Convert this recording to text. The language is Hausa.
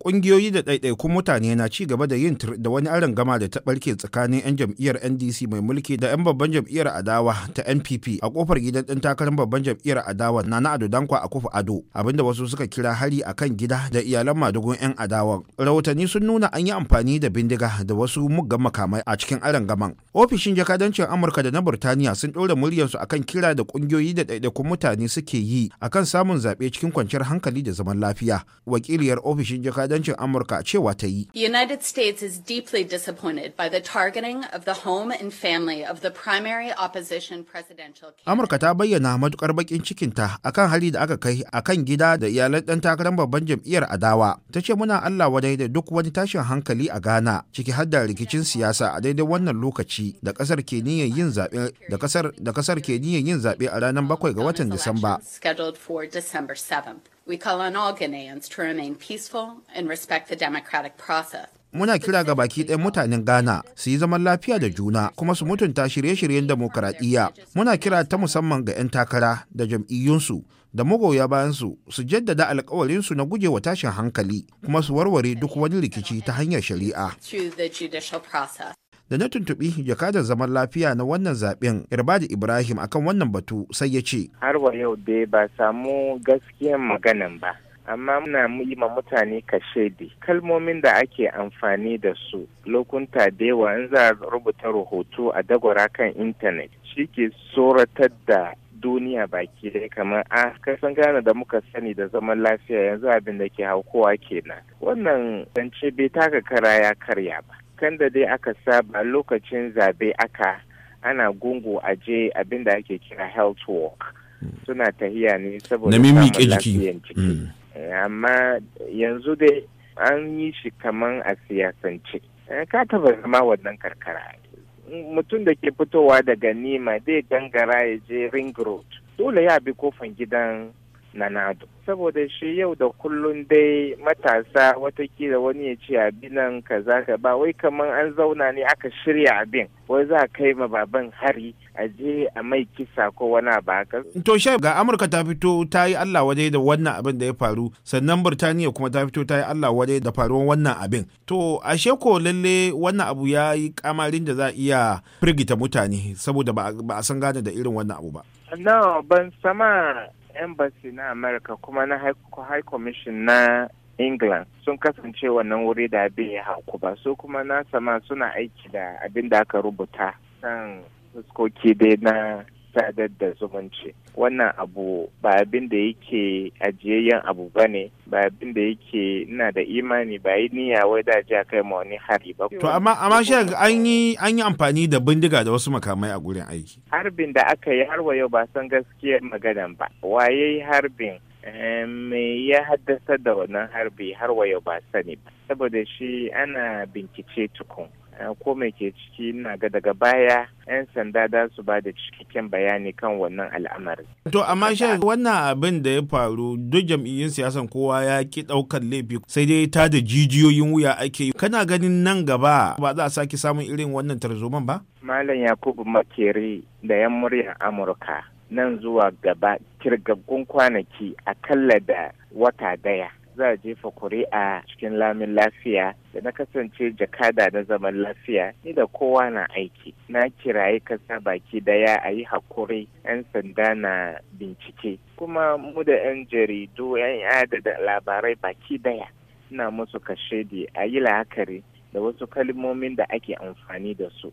kungiyoyi da ɗaiɗaikun mutane na ci gaba da yin da wani aron gama da ta ɓarke tsakanin 'yan jam'iyyar ndc mai mulki da 'yan babban jam'iyyar adawa ta npp a kofar gidan ɗin takarar babban jam'iyyar adawa na na ado dankwa a kofa ado abinda wasu suka kira hari a kan gida da iyalan madugun 'yan adawa rahotanni sun nuna an yi amfani da bindiga da wasu muggan makamai a cikin aron gaman ofishin jakadancin amurka da na burtaniya sun ɗora muryarsu kan kira da kungiyoyi da ɗaiɗaikun mutane suke yi akan samun zaɓe cikin kwanciyar hankali da zaman lafiya wakiliyar ofishin jakadancin ta'addancin Amurka cewa ta yi. United States is deeply disappointed by the targeting of the home and family of the primary opposition presidential Amurka ta bayyana matukar bakin cikinta akan hali da aka kai akan gida da iyalan dan takarar babban jam'iyyar adawa. Ta ce muna Allah wadai da duk wani tashin hankali a Ghana ciki har da rikicin siyasa a daidai wannan lokaci da kasar ke niyyar yin zaɓe da kasar da kasar ke niyyar yin zaɓe a ranar bakwai ga watan Disamba. We call on all Ghanaians to remain peaceful democratic process. Muna kira ga baki ɗayan mutanen Ghana su yi zaman lafiya da juna kuma su mutunta shirye-shiryen demokaradiyya. Muna kira ta musamman ga 'yan takara da jam'iyyunsu da magoya bayansu su jaddada alkawarinsu na gujewa tashin hankali kuma su warware duk wani rikici ta hanyar shari'a. da na tuntuɓi jakadar zaman lafiya na wannan zaɓen irbadi ibrahim akan wannan batu sai ya ce har wa yau dai ba samu gaskiyan maganan ba amma muna yi ma mutane kashedi kalmomin da ake amfani da su lokunta da yawa in za a rubuta rahoto a dagwara kan intanet shi ke tsoratar da duniya baki dai kamar a ah, kasan gane da muka sani da zaman lafiya yanzu abin da ke haukowa kenan wannan zance bai taka kara ya karya ba kan da dai aka saba lokacin zabe aka ana gungu a je abin da ake kira health work suna tahiya ne saboda samun lafiyan ciki hmm. eh, amma yanzu dai an yi shi kaman a siyasance eh, ka taba zama wannan karkara mutum da ke fitowa daga nima zai gangara ya je ring road dole ya bi kofan gidan na nado saboda shi yau da kullun dai matasa watakila wani ya ce abin nan kaza ka ba wai kamar an zauna ne aka shirya abin wai za a kai ma baban hari a je a mai kisa ko wani ba haka. to shi ga amurka ta fito ta yi allah waje da wannan abin da ya faru sannan birtaniya kuma ta fito ta yi allah waje da faruwan wannan abin to ashe ko lalle wannan abu ya yi kamarin da za a iya firgita mutane saboda ba a san gane da irin wannan abu ba. no ban sama embassy na america kuma na high commission na england sun kasance wannan wuri da bai ya hauku ba su kuma na sama suna aiki da abin da aka rubuta kan fuskoki dai na sadar da zumunci wannan abu ba abin da yake ajiyayyen abu ba ne ba abin da yake ina da imani ba yi niyya wai da ji kai ma wani hari ba. To amma amma an yi amfani da bindiga da wasu makamai a gurin aiki. Harbin da aka yi har yau ba san gaskiyar maganan ba waye harbin me ya haddasa da wannan harbi har yau ba sani ba saboda shi ana bincike tukun. ko mai ke ciki na ga daga baya 'yan sanda za su ba da cikakken bayani kan wannan al'amari To amma shi wannan abin da ya faru duk jam'iyyun siyasan kowa ya ki ɗaukar laifi sai dai ta da jijiyoyin wuya ake yi. Kana ganin nan gaba ba za a sake samun irin wannan tarzoman ba? Malam Yakubu Makere da 'yan murya Amurka nan zuwa gaba kirgaggun kwanaki a akalla da wata daya za a jefa kuri'a cikin lamin lafiya da na kasance jakada na zaman lafiya ni da kowa na aiki na kiraye kasa baki daya a yi hakuri 'yan sanda na bincike kuma mu da 'yan jaridu 'yan da labarai baki daya na musu kashedi a yi la'akari da wasu kalmomin da ake amfani da su